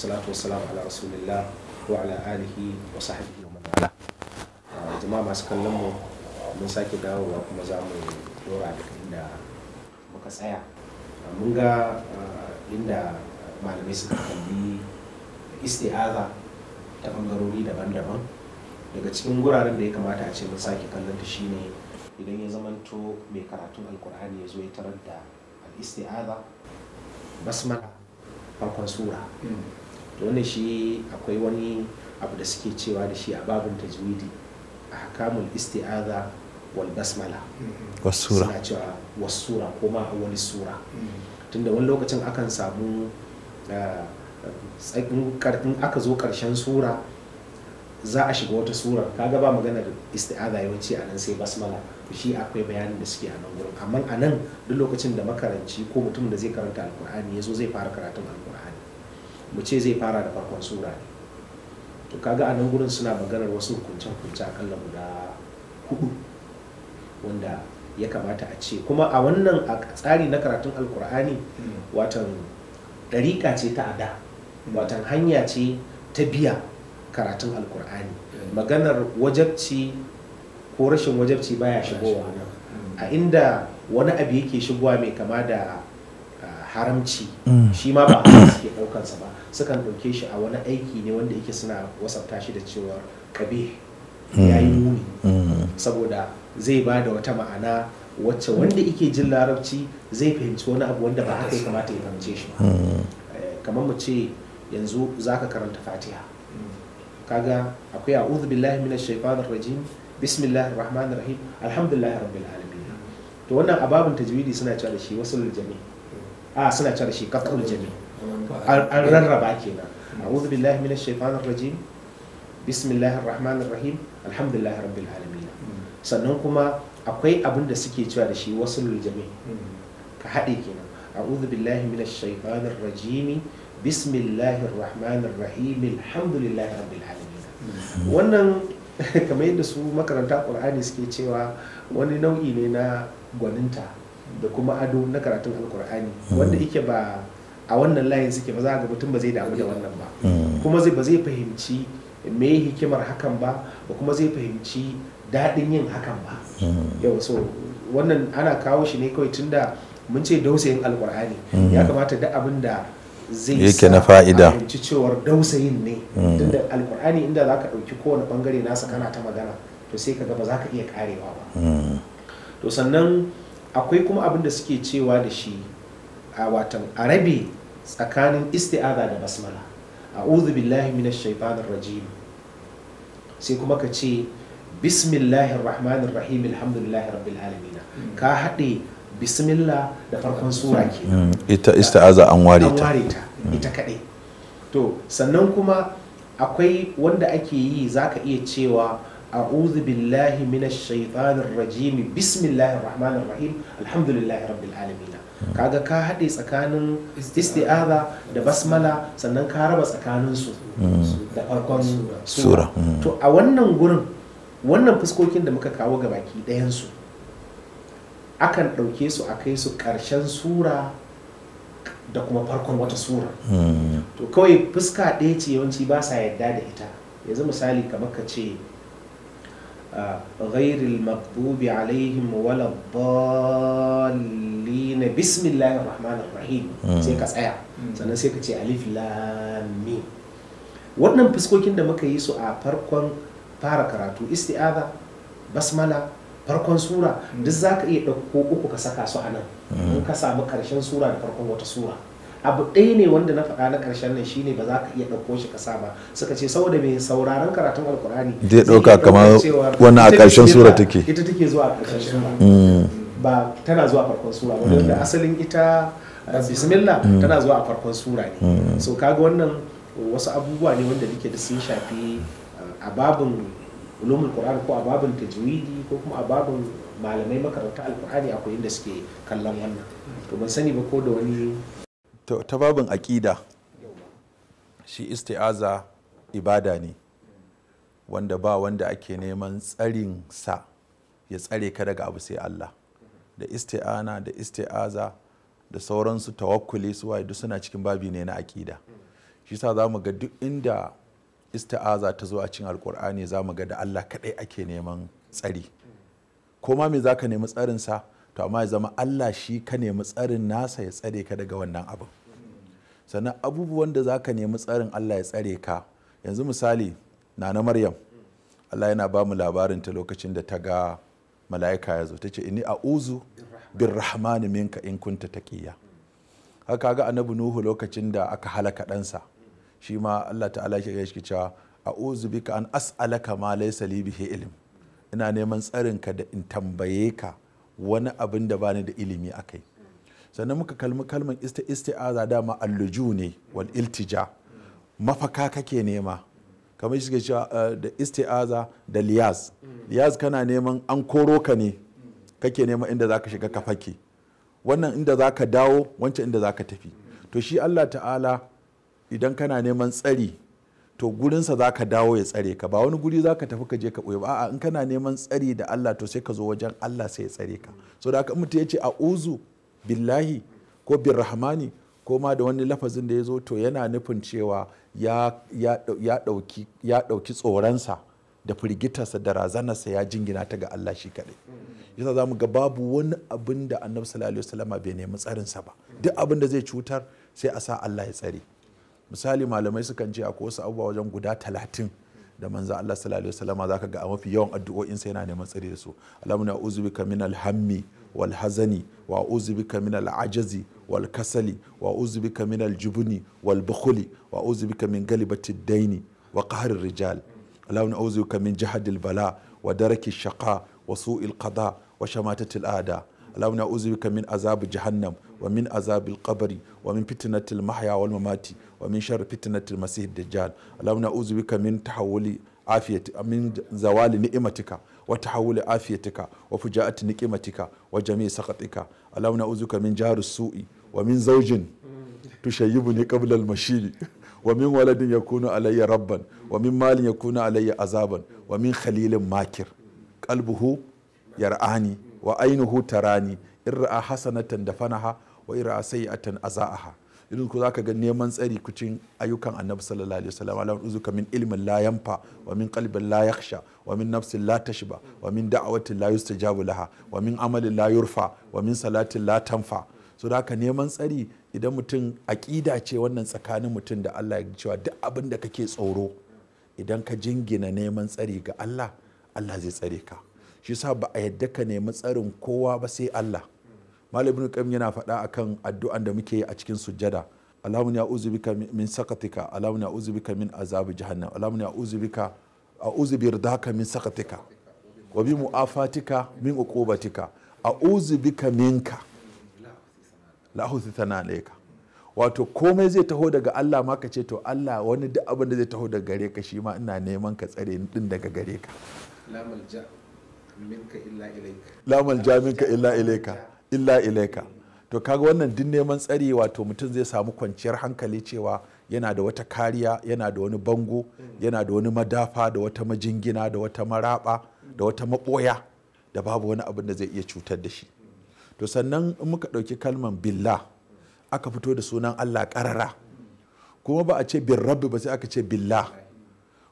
salatu wassalamu ala rasulillah wa ala alihi wa sahbihi wa man wala jama'a masu kallon mu mun sake dawowa kuma za mu dora daga inda muka tsaya mun ga inda malamai suka kalli isti'aza ta bangarori daban-daban daga cikin guraren da ya kamata a ce mun sake kallon ta ne idan ya zamanto mai karatun alkur'ani ya zo ya tarar da al-isti'aza basmala farkon sura wannan shi akwai wani abu da suke cewa da shi a babin tajwidi a hakamun isti'aza wal basmala mm-hmm. wasura suna cewa wasura ko ma wani sura mm-hmm. tunda wani lokacin akan samu eh, in aka zo karshen sura za a shiga wata surar kaga ba maganar isti'aza yawanci a nan sai basmala shi akwai bayanin da suke a nan gurin amma a nan duk lokacin da makaranci ko mutum da zai karanta alkur'ani ya zo zai fara karatun alkur'ani mu ce zai fara da farkon sura ne to kaga a nan gurin suna maganar wasu hukunci hukunce akalla guda hudu wanda ya kamata a ce kuma a wannan tsari na karatun alkur'ani hmm. watan ɗariƙa ce ta ada hmm. watan hanya ce ta biya karatun alkur'ani hmm. maganar wajabci ko rashin wajabci baya shigowa a inda wani abu yake shigowa mai kama da haramci mm. shi ma ba a suke ɗaukansa ba sukan ɗauke shi a wani aiki ne wanda yake suna wasafta shi da cewa kabe mm. ya yi muni mm. saboda zai ba da wata ma'ana wacce wanda yake jin larabci zai fahimci wani abu wanda ba haka ya kamata ya fahimce shi ba eh, kamar mu ce yanzu za ka karanta fatiha kaga akwai uzu billahi minash shaitanir rajim bismillahir rahmanir rahim alhamdulillahi rabbil alamin to wannan ababun tajwidi suna cewa da shi wasu jami' a ah, suna cire shi shi kafin jami an rarraba kenan a'udhu billahi minash shaitanir rajim bismillahir rahmanir rahim alhamdulillahi rabbil alamin sannan kuma akwai abin da suke cewa da shi wasu jami ka haɗe kenan a'udhu billahi minash shaitanir rajim bismillahir rahmanir rahim alhamdulillahi rabbil alamin wannan kamar yadda su makaranta qur'ani suke cewa wani nau'i ne na gwaninta da kuma ado na karatun alkur'ani hmm. wanda yake ba a wannan layin suke ba za ga mutum ba zai damu da wannan ba hmm. kuma zai ba zai fahimci me hikimar hakan ba ba kuma zai fahimci daɗin yin hakan ba hmm. yau so wannan ana kawo shi ne kawai tunda mun ce dausayin alkur'ani ya kamata da abin da zai yake na fahimci cewar dausayin ne tunda alkur'ani inda za ka ɗauki kowane ɓangare nasa kana ta magana to sai ka ga ba za ka iya karewa ba to sannan akwai kuma abin da suke cewa da shi a watan Arabi tsakanin isti'aza da basmala uzu billahi minas shaitanir rajim sai kuma ka ce bismillahir rahmanir rahim alhamdulillahi rabbil alamin ka haɗe bismillah da farkon sura ke mm, ita isti'aza an ware ta mm. ita kaɗai to sannan kuma akwai wanda ake yi zaka iya cewa أعوذ بالله من الشيطان الرجيم بسم الله الرحمن الرحيم الحمد لله رب العالمين kaga ka haɗe tsakanin isti'aza da basmala sannan ka raba tsakanin su da farkon sura to a wannan gurin wannan fuskokin da muka kawo ga baki ɗayansu akan ɗauke su a kai su ƙarshen sura da kuma farkon wata sura to kawai fuska ɗaya ce yawanci ba sa yadda da ita yanzu misali kamar ka ce غير المغضوب عليهم ولا الضالين بسم الله الرحمن الرحيم sai ka tsaya sannan sai ka ce alif lam wannan fuskokin da muka yi su a farkon fara karatu isti'aza basmala farkon sura duk zaka iya ɗauko uku ka saka su a nan in ka samu karshen sura da farkon wata sura abu ɗaya ne wanda na faɗa na ƙarshen nan shine ba za ka iya ɗauko shi ƙasa ba suka ce saboda mai sauraron karatun alkur'ani zai ɗauka kamar wannan a ƙarshen sura take ita take zuwa a ƙarshen sura mm. ba tana zuwa farkon sura ba. wanda mm. asalin ita eh, bismillah mm. tana zuwa a farkon sura ne so kaga wannan wasu abubuwa ne wanda nake da sun shafi eh, a babin ulumul qur'an ko a babin tajwidi ko kuma a babin malamai makaranta alkur'ani akwai inda suke kallon wannan to ban sani ba ko da wani ta babin aƙida shi isti'aza ibada ne wanda ba wanda ake neman tsarin sa ya tsare ka daga abu sai Allah da isti'ana da isti'aza da sauransu tawakkuli su duk suna cikin babi ne na aƙida shi sa za mu ga duk inda isti'aza ta zo a cikin alkur'ani za mu ga da Allah kaɗai ake neman tsari ko ma me za ka nemi tsarinsa to amma ya zama Allah shi ka nemi tsarin nasa ya tsare ka daga wannan abin sannan abubuwan da za ka nemi tsarin allah ya tsare ka yanzu misali na na maryam allah yana ba mu labarin ta lokacin da ta ga mala'ika ya zo ta ce ini Uzu bin rahmani minka in kunta taqiya haka ga annabi nuhu lokacin da aka halaka ɗansa shi ma allah ta'ala ya ya shi cewa Uzu bika an as'alaka ma laysa li bihi ilm ina neman tsarin ka da in tambaye ka wani abin da bani da ilimi akai sannan muka kalmi kalmar isti isti'aza dama alluju ne wal iltija mafaka kake nema kamar shi suke eh, da isti'aza da liyaz liyaz kana neman an koro ka ne kake nema inda zaka shiga ka fake wannan inda zaka dawo wancan inda zaka tafi to shi Allah ta'ala idan kana neman tsari to gurinsa za ka dawo ya tsare ka ba wani guri za ka tafi ka je ka ɓoye ba a'a in kana neman tsari da Allah to sai ka zo wajen Allah sai ya tsare ka so da haka mutum ya ce a uzu billahi ko birrahmani ko ma da wani lafazin da ya zo to yana nufin cewa ya ɗauki tsoronsa da firgitarsa da razanarsa ya jingina ta ga Allah shi kaɗai yasa za mu ga babu wani abin da annabi sallallahu alaihi wasallama bai nemi tsarinsa ba duk abin da zai cutar sai a sa Allah ya tsare misali malamai sukan ce akwai wasu abubuwa wajen guda talatin da manzo Allah sallallahu alaihi wasallama zaka ga a mafi yawan addu'o'in sai yana neman tsare da su Allahumma na'uzu bika min alhammi wal hazani wa uzubika min al ajazi wal kasali wa uzubika min al jubuni wal bukhuli wa min galibati daini wa qahri rijal allahumma uzubika min jahadil bala wa daraki shaqa wa su'il qada wa shamatati ada اللهم نعوذ بك من عذاب جهنم ومن عذاب القبر ومن فتنة المحيا والممات ومن شر فتنة المسيح الدجال اللهم نعوذ بك من تحول عافية من زوال نعمتك wa tahawul afiyatika wa fujaat niqimatika wa jami' saqatika alam na'uzuka min jihar su'i wa min zawjin tushayyibuni qabla al-mashiri wa min waladin yakunu alayya rabban wa min malin yakunu alayya azaban wa min khalilin makir Ƙalbuhu yar'ani wa ainuhu tarani in ra'a hasanatan dafanaha wa in ra'a sayi'atan aza'aha irin ku zaka ga neman tsari kucin ayyukan annabi sallallahu alaihi wasallam alam uzuka min ilmin la yanfa wa min qalbin la yakhsha wa min nafsin la tashba wa min da'awatin la yustajabu laha wa min amalin la yurfa wa min salatin la tanfa so da ka neman tsari idan mutum aƙida ce wannan tsakanin mutum da Allah ya cewa duk abin da kake tsoro idan ka jingina neman tsari ga Allah Allah zai tsare ka shi yasa ba a yadda ka nemi tsarin kowa ba sai Allah malam ibn yana faɗa akan addu'an da muke yi a cikin sujjada alamun ya bika min sakatika alamun ya bika min azabu jahannam alamun ya a uzu bir daka min sakatika wa bi mu'afatika min uqubatika uzu bika minka la tana alayka wato komai zai taho daga Allah ma ka ce to Allah wani duk abin da zai taho daga gare ka shi ma ina neman ka tsare ni din daga gare ka la malja minka illa ilayka illa ilaika to kaga wannan duk neman tsari wato mutum zai samu kwanciyar hankali cewa yana da wata kariya yana da wani bango yana da wani madafa da wata majingina da wata maraba da wata maboya da babu wani abin da zai iya cutar da shi to sannan in muka ɗauki kalman billah aka fito da sunan allah ƙarara kuma ba a ce bin rabbi ba sai aka ce billah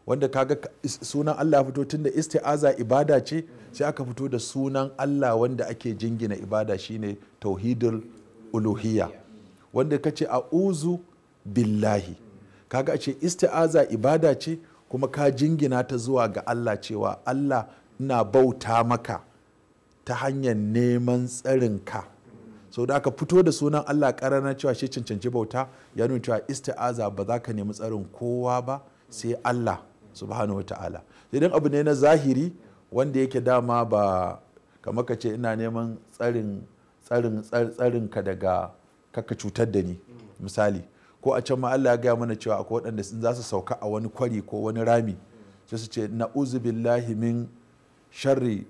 wanda kaga sunan Allah fito tun da isti'aza ibada ce sai aka fito da sunan Allah wanda ake jingina ibada shine tauhidul uluhiyya wanda kace a'uzu billahi kaga ce isti'aza ibada ce kuma ka jingina ta zuwa ga Allah cewa Allah ina bauta maka ta hanyar neman tsarinka sau da aka fito da sunan Allah na cewa shi cancanci bauta ya nuna cewa isti'aza ba za ka nemi tsarin kowa ba sai Allah subhanahu wa ta'ala idan abu ne na zahiri wanda yake dama ba kamar ka ce ina neman tsarin ka daga kaka cutar da ni misali ko a can ma Allah ya gaya mana cewa akwai waɗanda sun za su sauka a wani kwari ko wani rami sai su ce na uzubillahi min sharri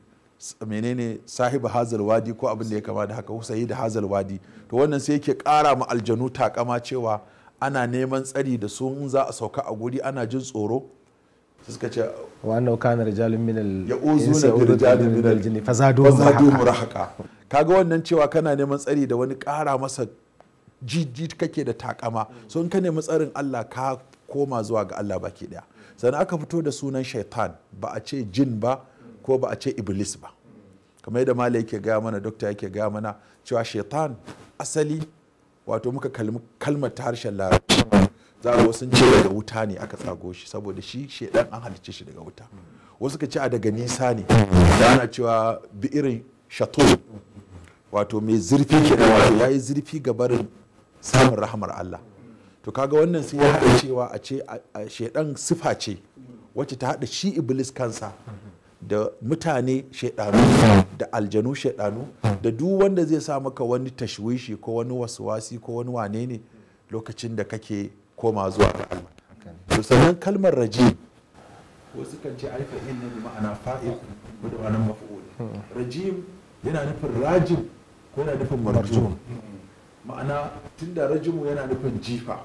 menene sahibu hazal wadi ko abin da ya kama da haka husayi da hazal wadi to wannan sai yake kara ma aljanu takama cewa ana neman tsari da su za a sauka a guri ana jin tsoro suka ce wa kana rijalun min al ya'uzuna jini rijalin min al jinni fazadu murhaqa kaga wannan cewa kana neman tsari da wani kara masa jiji kake da takama so in ka nemi tsarin Allah ka koma zuwa ga Allah baki daya sannan aka fito da sunan shaitan ba a ce jin ba ko ba a ce iblis ba kamar yadda malai yake gaya mana dokta yake gaya mana cewa shaitan asali wato muka kalmar ta harshen larabci Za a sun ce daga wuta ne aka tsago shi saboda shi shaidan an halicce shi daga wuta wasu ka ce a daga nisa ne da ana cewa bi irin shato wato mai zurfi ke da wato ya yi zurfi ga barin samun rahamar Allah to kaga wannan sai ya haɗa cewa a ce shaidan sifa ce wacce ta haɗa shi iblis kansa da mutane shaidanu da aljanu shaidanu da duk wanda zai sa maka wani tashwishi ko wani wasuwasi ko wani wane ne lokacin da kake koma zuwa ga to sannan kalmar rajim wasu kan ce aika yin na bi ma'ana fa'il ko da wani maf'ul rajim yana nufin rajim ko yana nufin marjum ma'ana tunda rajimu yana nufin jifa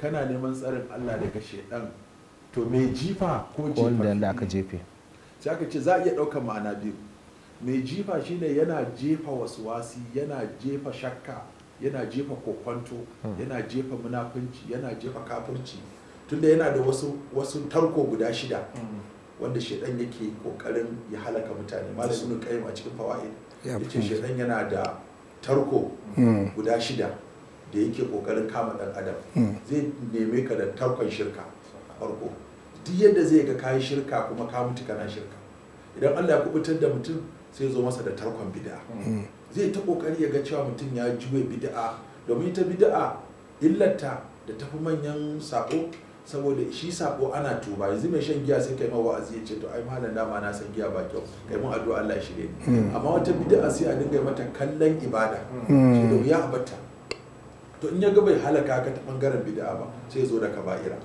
kana neman tsarin Allah daga shedan to me jifa ko jifa wanda aka jefe sai aka ce za a iya ɗaukar ma'ana biyu mai jifa shine yana jefa wasu wasi yana jefa shakka yana jefa kokwanto hmm. yana jefa munafunci yana jefa kafirci tunda yana da wasu wasu tarko guda shida hmm. wanda shedan yake kokarin ya halaka mutane malamin ibn a cikin fawaid yace shedan yana da tarko hmm. guda shida da yake kokarin kama dan adam zai neme ka da tarkon shirka farko duk yadda zai ga kayi shirka kuma ka mutu kana shirka idan Allah ya kubutar da mutum sai zo masa da tarkon bid'a zai ta kokari ya ga cewa mutum ya juwe bid'a domin ta bid'a illata da tafi manyan sako saboda shi sako ana tuba yanzu mai shan giya sai kai ma wa'azi ya ce to ai malam dama na san giya ba kyau kai mun addu'a Allah ya shirye hmm. amma wata bid'a sai a dinga mata kallon ibada hmm. shi da ya abata to in ya ga bai halaka ka ta bangaren bid'a ba sai ya zo da kaba'ira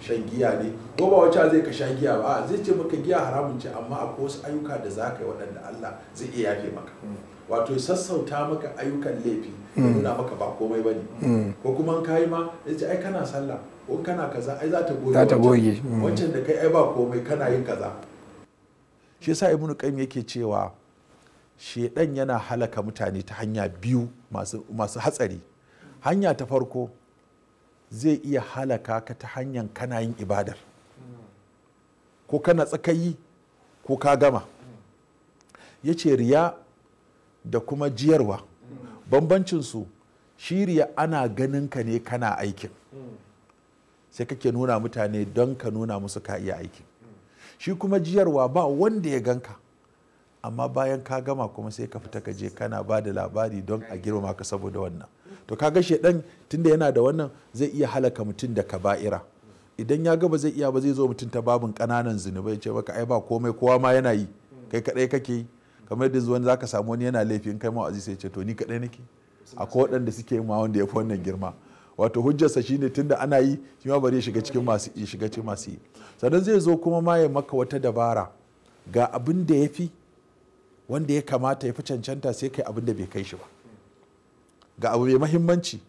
shan giya ne ko ba wacce zai ka sha giya ba zai ce maka giya haramun ce amma akwai wasu ayyuka da za ka yi waɗanda Allah zai iya yafe maka mm. wato sassauta maka ayyukan laifi Da mm. nuna maka ba komai ba ne mm. ko kuma ka yi ma ya ce ai kana sallah ko kana kaza ai za ta goge wancan da kai ai ba komai kana yin kaza shi yasa ibnu qayyim yake cewa shedan yana halaka mutane ta hanya biyu masu hatsari hanya ta farko zai iya halaka ka ta hanyar kana yin ibadar ko kana tsakayi ko ka gama ya ce riya da kuma jiyarwa bambancinsu shi riya ana ganin ka ne kana aikin sai kake nuna mutane don ka nuna musu ka iya aikin shi kuma jiyarwa ba wanda ya ganka amma bayan ka gama kuma sai ka fita ka je kana ba da labari don a girma ka saboda wannan to ga shedan tunda yana da wannan zai iya halaka mutum da ka kaba'ira idan ya gaba zai iya ba zai zo mutum ta babin kananan zunubai ce maka ai ba komai kowa ma yana yi kai kadai kake yi kamar yadda zuwan zaka samu wani yana laifi in kai ma aziz sai ce to ni kadai nake akwai waɗanda suke ma wanda ya fi wannan girma wato hujjarsa shine tunda ana yi shi ma bari ya shiga cikin masu yi shiga cikin masu yi sannan zai zo kuma ma ya maka wata dabara ga abin da yafi. wanda ya kamata ya fi cancanta sai kai abin da bai kai shi ba ga abu mai mahimmanci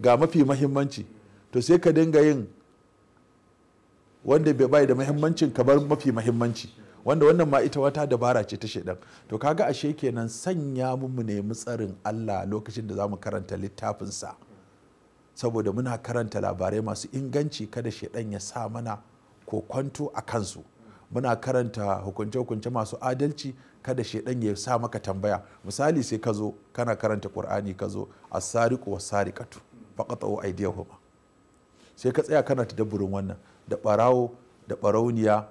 ga mafi mahimmanci to sai ka dinga yin wanda bai bai da mahimmancin ka bar mafi mahimmanci wanda wannan ma ita wata dabara ce ta shaidan to kaga ashe kenan sanya mu mu nemi tsarin Allah lokacin da zamu karanta littafinsa saboda muna karanta labarai masu inganci kada shaidan ya sa mana ko a kansu muna karanta hukunce-hukunce masu adalci kada shaidan ya sa maka tambaya misali sai ka zo kana karanta qur'ani ka zo as-sariqu was-sariqatu faqatu aydiyahuma sai ka tsaya kana tadabburin wannan da barawo da barauniya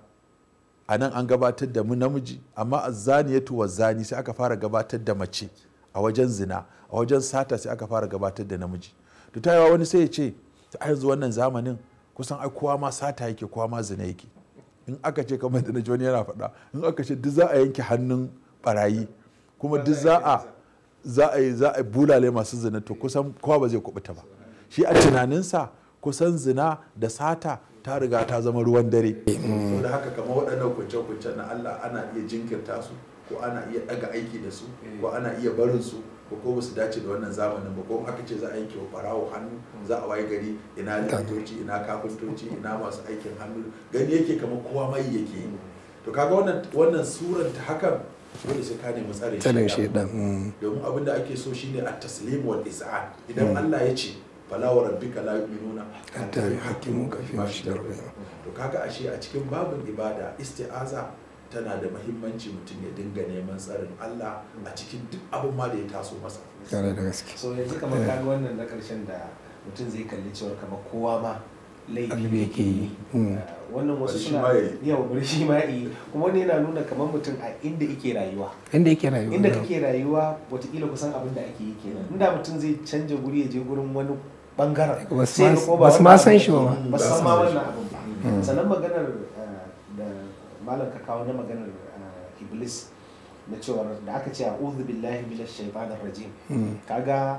a nan an gabatar da mu namiji amma wa zani sai aka fara gabatar da mace a wajen zina a wajen sata sai aka fara gabatar da namiji to tayawa wani sai ya ce ta yanzu wannan zamanin kusan ai kowa ma sata yake kowa ma zina yake in aka ce kamar da na yana faɗa in aka ce duk za a yanke hannun barayi kuma duk za a za a yi za a bulale masu zina to kusan kowa ba zai kubuta ba shi a tunaninsa kusan zina da sata ta riga ta zama ruwan dare saboda haka kamar waɗannan kwance-kwance na Allah ana iya jinkirta su ko ana iya daga aiki da su eh. ko ana iya barin su ko ko su dace da wannan zamanin ba ko aka ce za a yanke wa farawo hannu za a waye gari ina likitoci ina kafintoci ina masu aikin hannu gani yake kamar kowa mai yake to kaga wannan wannan surar ta haka dole sai ka nemi tsarin shi dan mm. domin abin da ake so shine at taslim wal iz'an idan mm. Allah ya ce fala wa rabbika la yu'minuna hatta yuhaqqimuka fi ma shajara bainahum to kaga ashe a cikin babin ibada isti'aza tana da mahimmanci mutum ya dinga neman tsarin Allah a cikin duk abin ma da ya taso masa. Tare da gaske. So yanzu kamar kaga wannan na ƙarshen da mutum zai kalli cewar kamar kowa ma laifi yake yi. Mm. Eh, wannan wasu suna yau bari shi ma yi kuma wani yana nuna kamar mutum a inda yake rayuwa. Inda yake rayuwa. Inda kake rayuwa wataƙila kusan abin da ake yi kenan. Inda mutum zai canja guri ya je gurin wani bangaren. Wasu ma san shi ba. ma. Wasu san ma wannan abin ba. Mm. Sannan maganar eh, malam ka kawo na maganar eh, iblis na cewar da aka ce a'udhu billahi minash shaitanir rajim hmm. kaga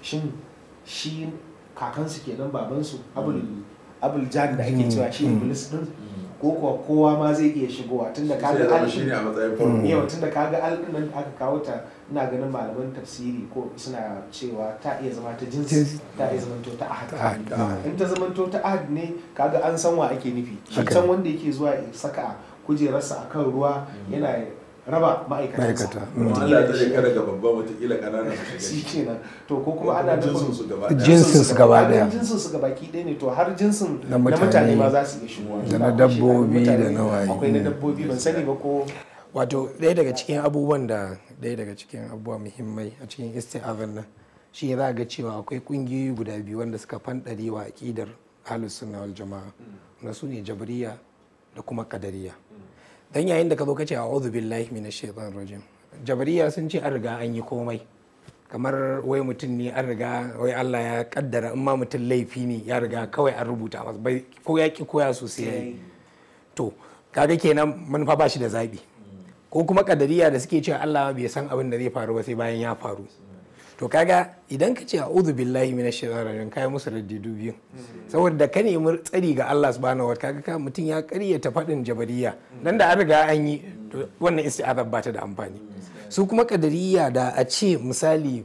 shin shi kakansu kenan babansu abul hmm. abul jan da ake cewa shi hmm. iblis din ko kuwa kowa ma zai iya shigowa tunda kaga al shi ne a matsayin yau tunda kaga al nan aka kawo ta ina ganin malaman tafsiri ko suna cewa ta iya zama ta jinsi ta iya zama ta ahad in ta zama ta ahad ne kaga an san wa ake nufi shi can wanda yake zuwa saka kujerarsa akan ruwa yana raba ma'aikata mm. Allah ta shekara ga babban watakila ƙananan su kenan. to ko kuma ana jinsin su gaba daya jinsin su gaba daya jinsin su gaba ki ɗaya ne to har jinsin na mutane ma za su iya shigowa da na dabbobi da na waye akwai na dabbobi ban sani ba ko wato ɗaya daga cikin abubuwan da ɗaya daga cikin abubuwa muhimmai a cikin isti'azan nan shi za ga cewa akwai ƙungiyoyi guda biyu wanda suka fanɗare wa aƙidar ahlus sunna wal jama'a mm. na su ne jabriya da kuma kadariya dan yayin da ka zo ka ce a'udhu billahi minash shaitanir rajim jabariya sun ce an riga an yi komai kamar wai mutum ne an riga wai Allah ya kaddara in ma mutum laifi ne ya riga kawai an rubuta masa bai ko ya koya sosai to kaga kenan manufa ba shi da zabi ko kuma kadariya da suke cewa Allah bai san abin da zai faru ba sai bayan ya faru to kaga idan ka ce udu billahi minash shaitanir rajim kai musu raddidu biyu saboda da ka nemi tsari ga Allah subhanahu wa kaga ka mutum ya karyata faɗin jabariya nan da an riga an yi wannan isti'azar ba ta da amfani su kuma kadariya da a ce misali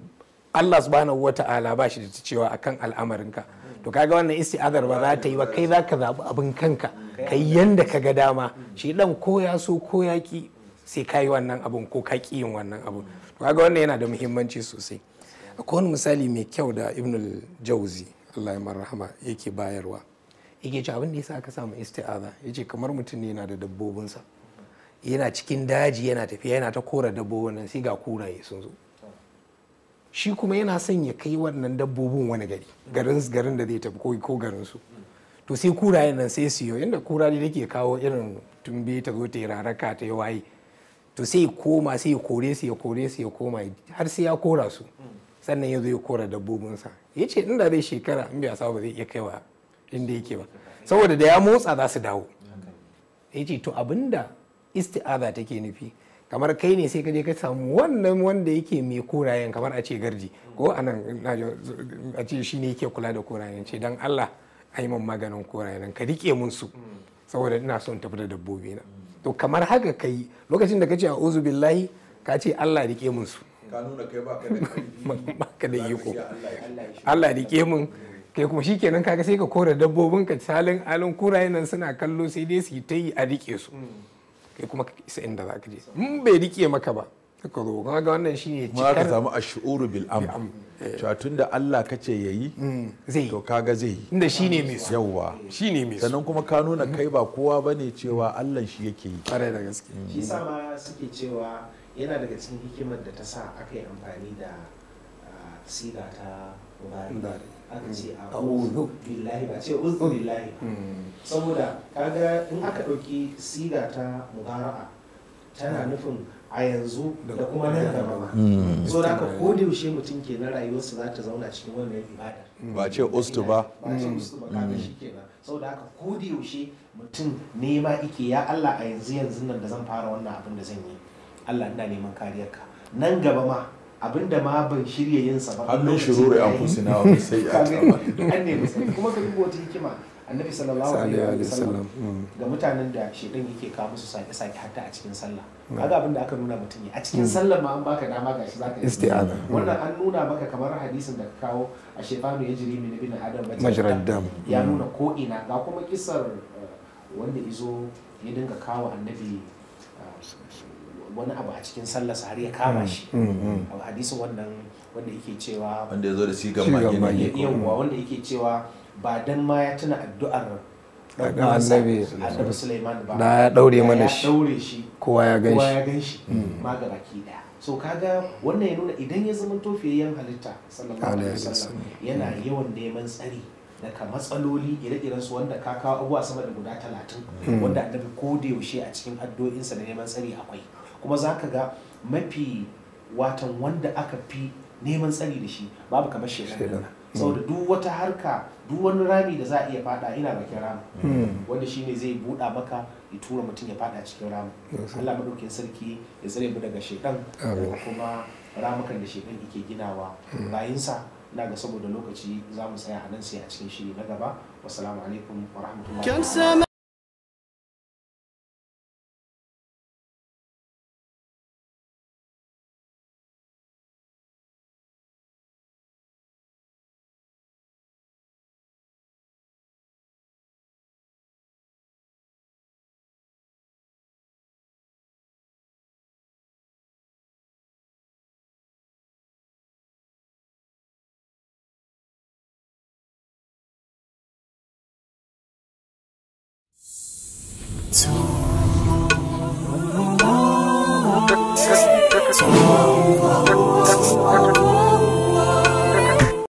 Allah subhanahu wa ta'ala ba shi da ta cewa akan al'amarinka to kaga wannan isti'azar ba za ta yi ba kai za ka zaɓi abin kanka kai yanda ka ga dama shi dan ko ya so ko ya ki sai ka yi wannan abun ko ka ki yin wannan abun to kaga wannan yana da muhimmanci sosai akwai wani misali mai kyau da ibnul jauzi allah ya rahama yake bayarwa yake ce abin da yasa aka samu isti'aza ce kamar mutum ne yana da dabbobinsa yana cikin daji yana tafiya yana ta kora dabbobin nan sai ga kuraye sun zo shi kuma yana son ya kai wannan dabbobin wani gari garin da zai tafi ko ko garin su to sai kurayen nan sai su yi inda kura ne take kawo irin tumbe ta zo ta yi raraka ta yi waye to sai ya koma sai ya kore su ya kore su ya koma har sai ya kora su sannan ya zo ya kora dabbobinsa ya ce inda zai shekara in bai asaba ba zai iya kaiwa inda yake ba saboda da ya motsa za su dawo ya ce to abinda isti'aza take nufi kamar kai ne sai ka je ka samu wannan wanda yake mai korayen kamar a ce garji. ko anan a ce shi ne yake kula da korayen ce dan Allah a yi maganin korayen ka rike mun su saboda ina son tafi da dabbobi na to kamar haka kai lokacin da ka ce a uzu billahi ka ce Allah rike mun su ka nuna ba ka da baka da iko Allah ke mun kai kuma shikenan kaga sai ka kore dabbobin ka salin alin kurayen nan suna kallo sai dai su yi ta yi a rike su hmm. kai kuma ka isa inda za ka je mun bai rike maka ba ka zo kuma ga wannan shine cikar ka samu ashuru bil am eh. cewa da Allah ka ce yayi hmm. zai to kaga zai yi inda shine mai su yawa shine mai sannan kuma ka nuna kai ba kowa bane cewa hmm. Allah shi yake yi kare da gaske shi sama suke cewa yana daga cikin hikimar da ta sa aka yi amfani da ah, siga ta bari aka ce a uzu billahi ba ce uzu hmm. billahi hmm. saboda kaga in aka ɗauki siga ta mubara'a tana hmm. nufin a yanzu da kuma nan gaba so da aka ko da yaushe mutum ke na rayuwarsa za ta zauna cikin wannan ibada ba ce ustu ba ba ce ustu ba kaga shi kenan saboda haka ko da yaushe mutum nema ike ya Allah a yanzu yanzu nan da zan fara wannan abin da zan yi Allah ina neman kariyar ka nan gaba ma abinda ma ban shirya yin sa ba hannun shururi an na wani sai ya an kuma ka duba wata hikima annabi sallallahu alaihi wasallam mm. ga mutanen da shedan yake kawo musu sake sake hatta a cikin sallah mm. kaga abin da aka nuna mutum ya a cikin mm. sallah ma an baka dama gashi zaka yi isti'ana wannan an nuna maka kamar hadisin da ka kawo a ya ya min ibn adam majrad dam ya nuna ko ina ga kuma kisar eh, wanda izo ya dinga kawo annabi wani abu a cikin sallasa har ya kama mm, shi mm, mm. a hadisin wannan wanda yake cewa wanda ya zo da sigan magini yawwa wanda yake cewa ba dan ma ya tuna addu'ar annabi Sulaiman ba da ya daure mana shi daure shi kowa ya gan kowa ya gan shi ma ga baki da so kaga wannan ya nuna idan ya zama tofiyayyen halitta sallallahu alaihi wasallam yana yawan neman tsari daga matsaloli ire-iren su wanda ka kawo abubuwa sama da guda talatin wanda annabi ko da yaushe a cikin addu'o'insa da neman tsari akwai kuma za ka ga mafi watan wanda aka fi neman tsari da shi babu kamar shekaru saboda duk wata harka duk wani rami da za a iya fada ina bakin rami hmm. wanda shi ne zai buɗa maka ya tura mutum ya fada cikin rami Allah madaukin sarki ya tsare mu daga shekan da kuma ramukan da shekan yake ginawa hmm. bayinsa na ga saboda lokaci za mu tsaya a nan sai a cikin shiri na gaba wassalamu alaikum wa rahmatullahi So